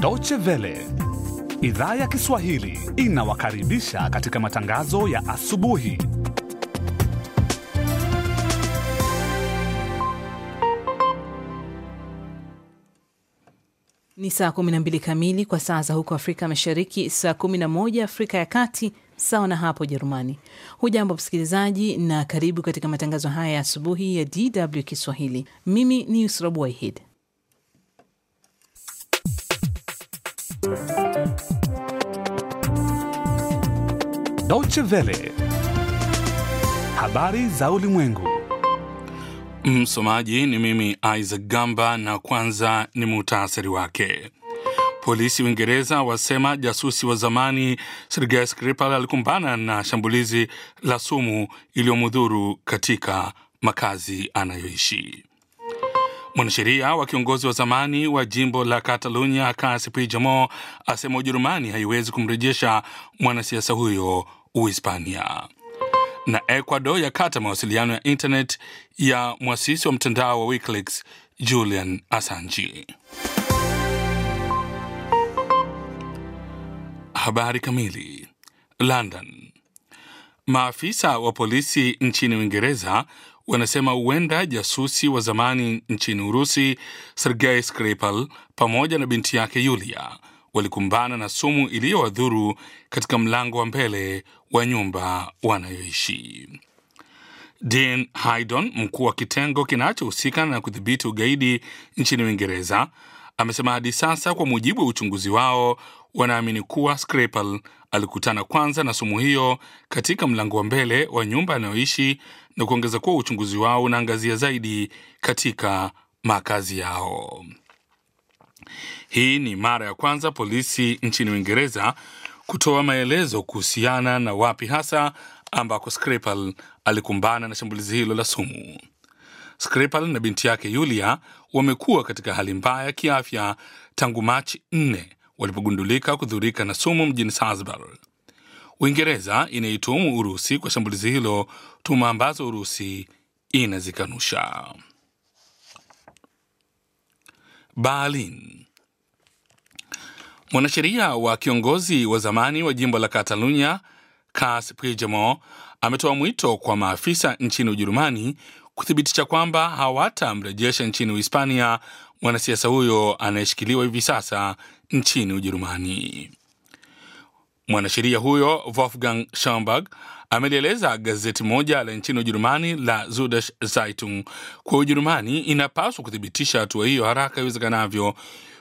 Deutsche Welle idhaa ya Kiswahili inawakaribisha katika matangazo ya asubuhi Ni saa 12 kamili kwa saa za huko Afrika Mashariki, saa 11 Afrika ya Kati, sawa na hapo jerumani Hujambo msikilizaji, na karibu katika matangazo haya ya asubuhi ya DW Kiswahili. Mimi ni Yusra Bwahid. Deutsche Welle, habari za ulimwengu. Msomaji ni mimi Isaac Gamba, na kwanza ni muhtasari wake. Polisi Uingereza wasema jasusi wa zamani Sergei Skripal alikumbana na shambulizi la sumu iliyomudhuru katika makazi anayoishi. Mwanasheria wa kiongozi wa zamani wa jimbo la Katalunya Kasi Puigdemont asema Ujerumani haiwezi kumrejesha mwanasiasa huyo Uhispania na Ecuador yakata mawasiliano ya internet ya mwasisi wa mtandao wa WikiLeaks Julian Assange. Habari kamili. London. Maafisa wa polisi nchini Uingereza wanasema huenda jasusi wa zamani nchini Urusi Sergei Skripal pamoja na binti yake Yulia walikumbana na sumu iliyowadhuru katika mlango wa mbele wa nyumba wanayoishi. Dean Haydon, mkuu wa kitengo kinachohusika na kudhibiti ugaidi nchini Uingereza, amesema hadi sasa, kwa mujibu wa uchunguzi wao, wanaamini kuwa scrapel alikutana kwanza na sumu hiyo katika mlango wa mbele wa nyumba anayoishi na kuongeza kuwa uchunguzi wao unaangazia zaidi katika makazi yao. Hii ni mara ya kwanza polisi nchini Uingereza kutoa maelezo kuhusiana na wapi hasa ambako Skripal alikumbana na shambulizi hilo la sumu. Skripal na binti yake Yulia wamekuwa katika hali mbaya kiafya tangu Machi 4 walipogundulika kudhurika na sumu mjini Salzburg. Uingereza inaituhumu Urusi kwa shambulizi hilo, tuma ambazo Urusi inazikanusha. Berlin. Mwanasheria wa kiongozi wa zamani wa jimbo la Catalunya Cas Prijemo ametoa mwito kwa maafisa nchini Ujerumani kuthibitisha kwamba hawatamrejesha nchini Uhispania mwanasiasa huyo anayeshikiliwa hivi sasa nchini Ujerumani. Mwanasheria huyo Wolfgang Schomburg amelieleza gazeti moja la nchini Ujerumani la Zudesh Zeitung kwa Ujerumani inapaswa kuthibitisha hatua hiyo haraka iwezekanavyo,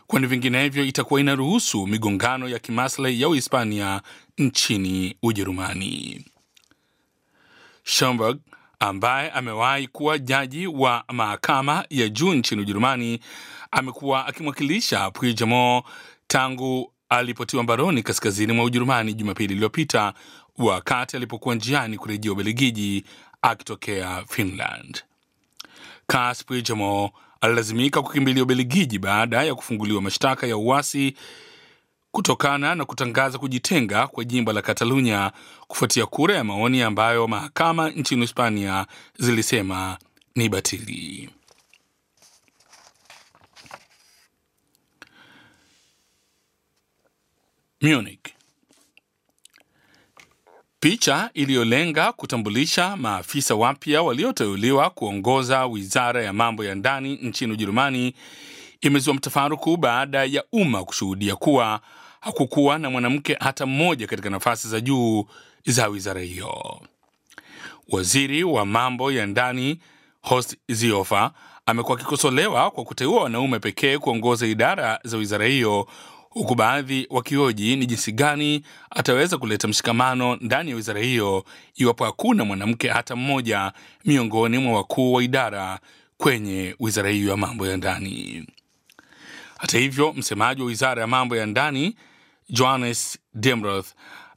kwani vinginevyo itakuwa inaruhusu migongano ya kimaslahi ya Uhispania nchini Ujerumani. shomberg ambaye amewahi kuwa jaji wa mahakama ya juu nchini Ujerumani amekuwa akimwakilisha Puigdemont tangu alipotiwa mbaroni kaskazini mwa Ujerumani Jumapili iliyopita, wakati alipokuwa njiani kurejea Ubeligiji akitokea Finland. Kasper Jamo alilazimika kukimbilia Ubeligiji baada ya kufunguliwa mashtaka ya uwasi kutokana na kutangaza kujitenga kwa jimbo la Katalunya kufuatia kura ya maoni ambayo mahakama nchini Hispania zilisema ni batili. Munich Picha iliyolenga kutambulisha maafisa wapya walioteuliwa kuongoza wizara ya mambo ya ndani nchini Ujerumani imezua mtafaruku baada ya umma kushuhudia kuwa hakukuwa na mwanamke hata mmoja katika nafasi za juu za wizara hiyo. Waziri wa mambo ya ndani host ziofa amekuwa akikosolewa kwa kuteua wanaume pekee kuongoza idara za wizara hiyo huku baadhi wakioji ni jinsi gani ataweza kuleta mshikamano ndani ya wizara hiyo iwapo hakuna mwanamke hata mmoja miongoni mwa wakuu wa idara kwenye wizara hiyo ya mambo ya ndani. Hata hivyo, msemaji wa wizara ya mambo ya ndani Johannes Demroth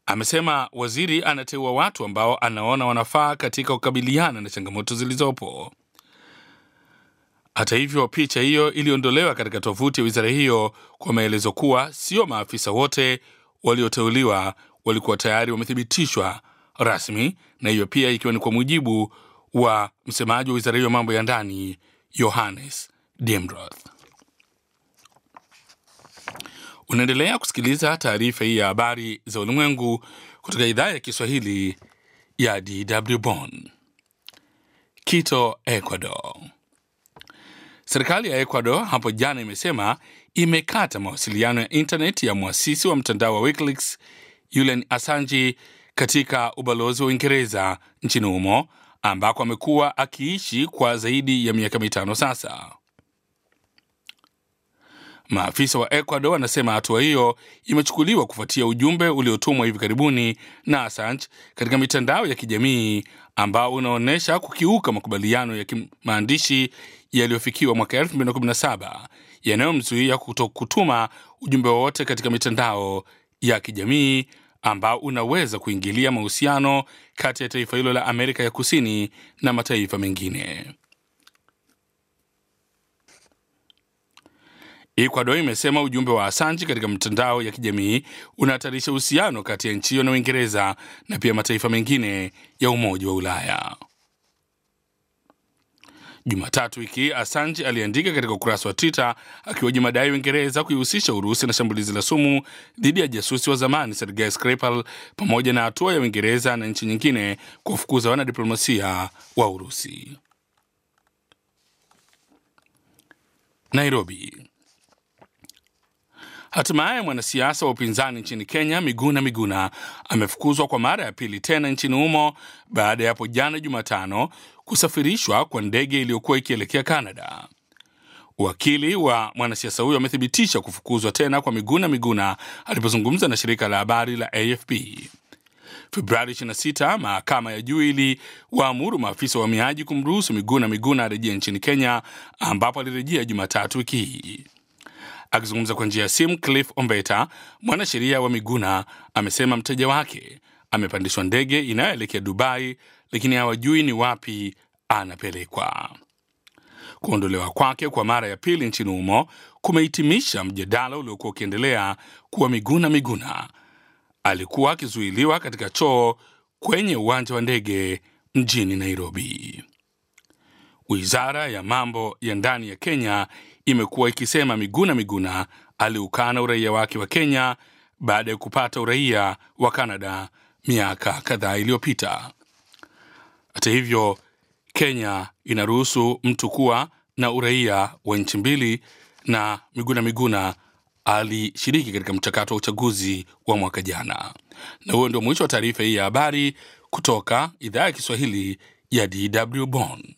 amesema waziri anateua watu ambao anaona wanafaa katika kukabiliana na changamoto zilizopo. Hata hivyo, picha hiyo iliondolewa katika tovuti ya wizara hiyo kwa maelezo kuwa sio maafisa wote walioteuliwa walikuwa tayari wamethibitishwa rasmi, na hiyo pia ikiwa ni kwa mujibu wa msemaji wa wizara hiyo mambo ya ndani Johannes dimroth Unaendelea kusikiliza taarifa hii ya habari za ulimwengu kutoka idhaa ya Kiswahili ya DW Bonn. Quito, Ecuador. Serikali ya Ecuador hapo jana imesema imekata mawasiliano ya intaneti ya mwasisi wa mtandao wa WikiLeaks Julian asanji katika ubalozi wa Uingereza nchini humo ambako amekuwa akiishi kwa zaidi ya miaka mitano sasa. Maafisa wa Ecuador wanasema hatua hiyo imechukuliwa kufuatia ujumbe uliotumwa hivi karibuni na Assange katika mitandao ya kijamii ambao unaonyesha kukiuka makubaliano ya kimaandishi yaliyofikiwa mwaka 2017 yanayomzuia kutokutuma ujumbe wowote katika mitandao ya kijamii ambao unaweza kuingilia mahusiano kati ya taifa hilo la Amerika ya Kusini na mataifa mengine. Ecuador imesema ujumbe wa Assange katika mtandao ya kijamii unahatarisha uhusiano kati ya nchi hiyo na Uingereza na pia mataifa mengine ya Umoja wa Ulaya. Jumatatu wiki Assange aliandika katika ukurasa wa Twitter akiwaji madai Uingereza kuihusisha Urusi na shambulizi la sumu dhidi ya jasusi wa zamani Sergei Skripal pamoja na hatua ya Uingereza na nchi nyingine kuwafukuza wanadiplomasia wa Urusi. Nairobi. Hatimaye mwanasiasa wa upinzani nchini Kenya Miguna Miguna amefukuzwa kwa mara ya pili tena nchini humo baada ya hapo jana Jumatano kusafirishwa kwa ndege iliyokuwa ikielekea canada Wakili wa mwanasiasa huyo amethibitisha kufukuzwa tena kwa Miguna Miguna alipozungumza na shirika la habari la AFP. Februari 26 mahakama ya juu iliwaamuru maafisa wa uhamiaji kumruhusu Miguna Miguna arejea nchini Kenya, ambapo alirejea Jumatatu wiki hii. Akizungumza kwa njia ya simu, Cliff Ombeta, mwanasheria wa Miguna, amesema mteja wake amepandishwa ndege inayoelekea Dubai, lakini hawajui ni wapi anapelekwa. Kuondolewa kwake kwa mara ya pili nchini humo kumehitimisha mjadala uliokuwa ukiendelea kuwa Miguna Miguna alikuwa akizuiliwa katika choo kwenye uwanja wa ndege mjini Nairobi. Wizara ya mambo ya ndani ya Kenya imekuwa ikisema Miguna Miguna aliukana uraia wake wa Kenya baada ya kupata uraia wa Kanada miaka kadhaa iliyopita. Hata hivyo, Kenya inaruhusu mtu kuwa na uraia wa nchi mbili, na Miguna Miguna alishiriki katika mchakato wa uchaguzi wa mwaka jana. Na huyo ndio mwisho wa taarifa hii ya habari kutoka idhaa ya Kiswahili ya DW bon